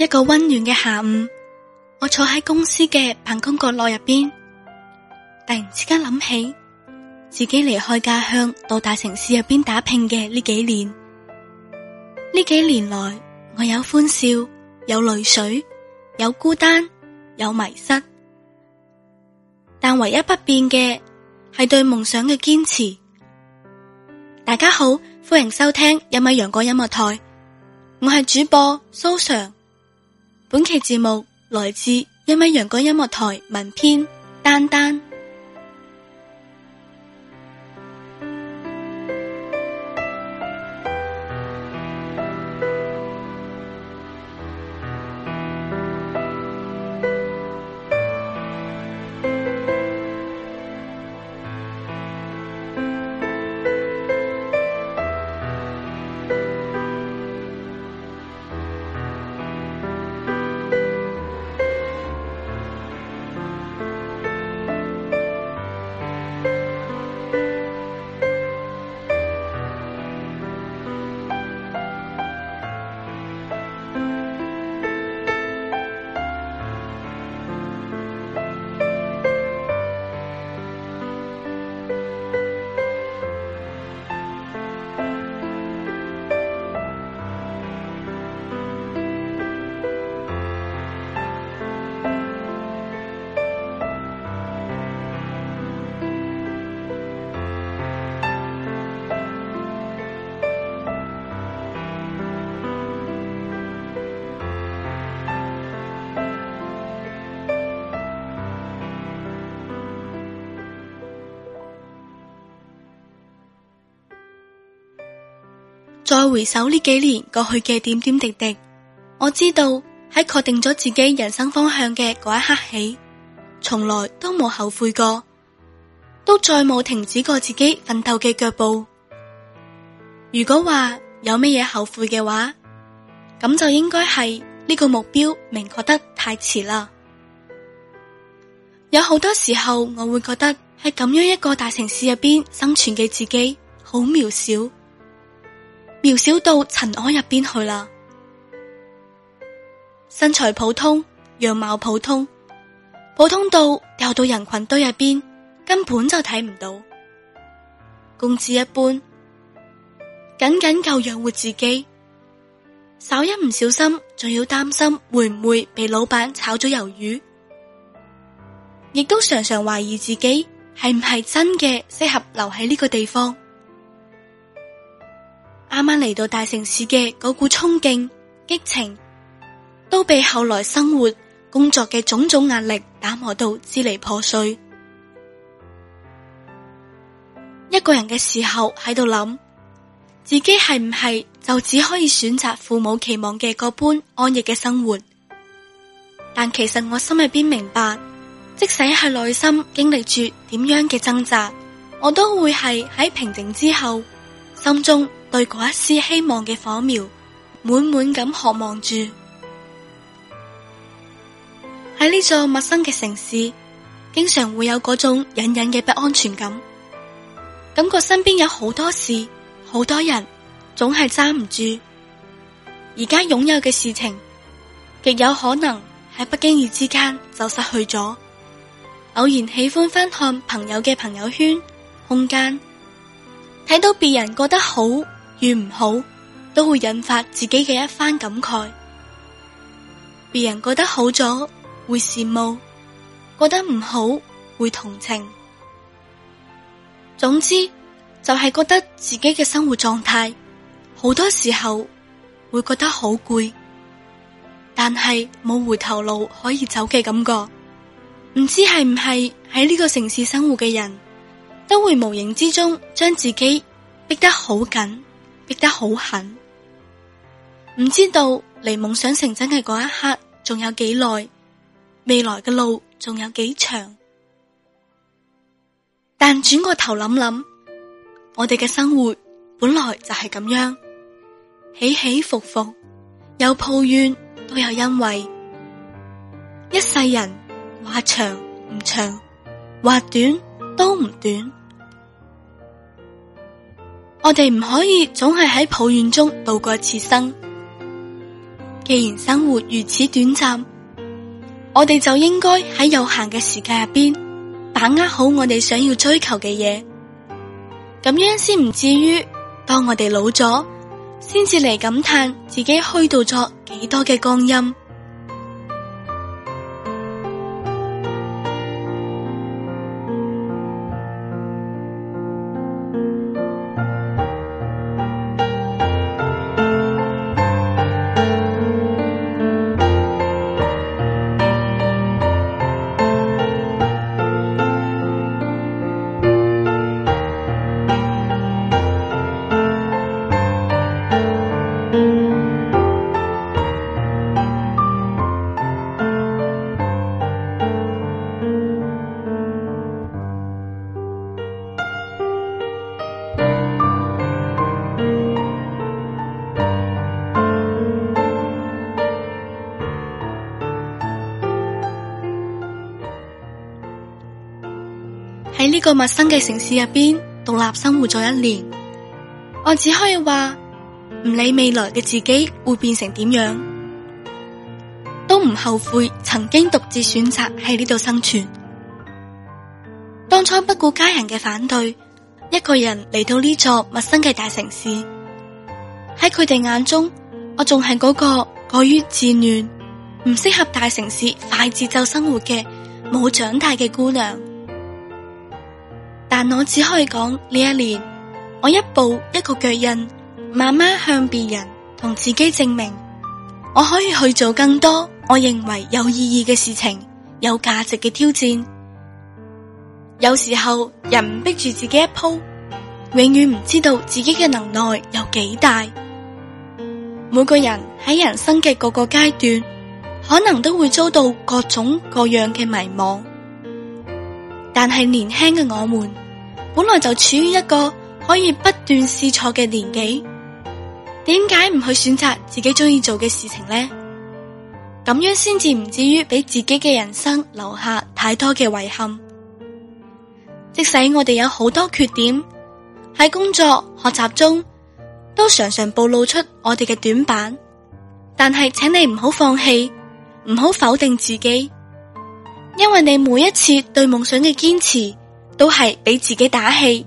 一個溫暖嘅下午，我坐喺公司嘅辦公角落入邊，突然之間諗起自己離開家鄉到大城市入邊打拼嘅呢幾年。呢幾年來，我有歡笑，有淚水，有孤單，有迷失，但唯一不變嘅係對夢想嘅堅持。大家好，歡迎收聽《一米陽光音樂台》，我係主播蘇常。本期節目來自一米陽光音樂台文篇丹丹。再回首呢幾年過去嘅點點滴滴，我知道喺確定咗自己人生方向嘅嗰一刻起，從來都冇後悔過，都再冇停止過自己奮鬥嘅腳步。如果話有乜嘢後悔嘅話，咁就應該係呢個目標明確得太遲啦。有好多時候我會覺得喺咁樣一個大城市入邊生存嘅自己好渺小。渺小到塵埃入邊去啦，身材普通，樣貌普通，普通到掉到人群堆入邊，根本就睇唔到。工資一般，僅僅夠養活自己，稍一唔小心，仲要擔心會唔會被老板炒咗魷魚，亦都常常懷疑自己係唔係真嘅適合留喺呢個地方。啱啱嚟到大城市嘅嗰股衝勁、激情，都被後來生活、工作嘅種種壓力打磨到支離破碎。一個人嘅時候喺度諗，自己係唔係就只可以選擇父母期望嘅嗰般安逸嘅生活？但其實我心入邊明白，即使係內心經歷住點樣嘅掙扎，我都會係喺平靜之後，心中。對嗰一絲希望嘅火苗，滿滿咁渴望住。喺呢座陌生嘅城市，經常會有嗰種隱隱嘅不安全感，感覺身邊有好多事、好多人，總係揸唔住。而家擁有嘅事情，極有可能喺不經意之間就失去咗。偶然喜歡翻看朋友嘅朋友圈空間，睇到別人過得好。與唔好都會引發自己嘅一番感慨，別人過得好咗會羨慕，過得唔好會同情。總之就係、是、覺得自己嘅生活狀態好多時候會覺得好攰，但係冇回頭路可以走嘅感覺。唔知係唔係喺呢個城市生活嘅人都會無形之中將自己逼得好緊。逼得好狠，唔知道離夢想成真嘅嗰一刻仲有幾耐，未來嘅路仲有幾長。但轉過頭諗諗，我哋嘅生活本來就係咁樣，起起伏伏，有抱怨都有欣慰。一世人話長唔長，話短都唔短。我哋唔可以總係喺抱怨中度過此生。既然生活如此短暫，我哋就應該喺有限嘅時間入邊，把握好我哋想要追求嘅嘢。咁樣先唔至於，當我哋老咗，先至嚟感嘆自己虛度咗幾多嘅光陰。喺呢個陌生嘅城市入邊獨立生活咗一年，我只可以話唔理未來嘅自己會變成點樣，都唔後悔曾經獨自選擇喺呢度生存。當初不顧家人嘅反對，一個人嚟到呢座陌生嘅大城市。喺佢哋眼中，我仲係嗰個過於自戀、唔適合大城市快節奏生活嘅冇長大嘅姑娘。但我只可以講呢一年，我一步一個腳印，慢慢向別人同自己證明，我可以去做更多我認為有意義嘅事情，有價值嘅挑戰。有時候人逼住自己一鋪，永遠唔知道自己嘅能耐有幾大。每個人喺人生嘅各個階段，可能都會遭到各種各樣嘅迷茫。但係年輕嘅我們本來就處於一個可以不斷試錯嘅年紀，點解唔去選擇自己中意做嘅事情呢？咁樣先至唔至於俾自己嘅人生留下太多嘅遺憾。即使我哋有好多缺點，喺工作學習中都常常暴露出我哋嘅短板，但係請你唔好放棄，唔好否定自己。因為你每一次對夢想嘅堅持，都係畀自己打氣。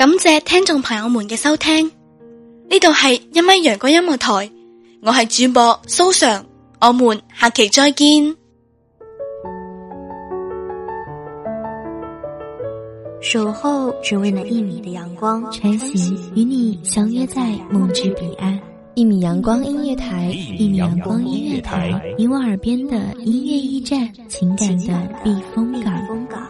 感謝聽眾朋友們嘅收聽，呢度係一米陽光音樂台，我係主播蘇常，我們下期再見。守候只為那一米的陽光，晨曦與你相約在夢之彼岸。一米陽光音樂台，一、嗯嗯、米陽光音樂台，你我耳邊的音樂驛站，情感的避風港。嘗嘗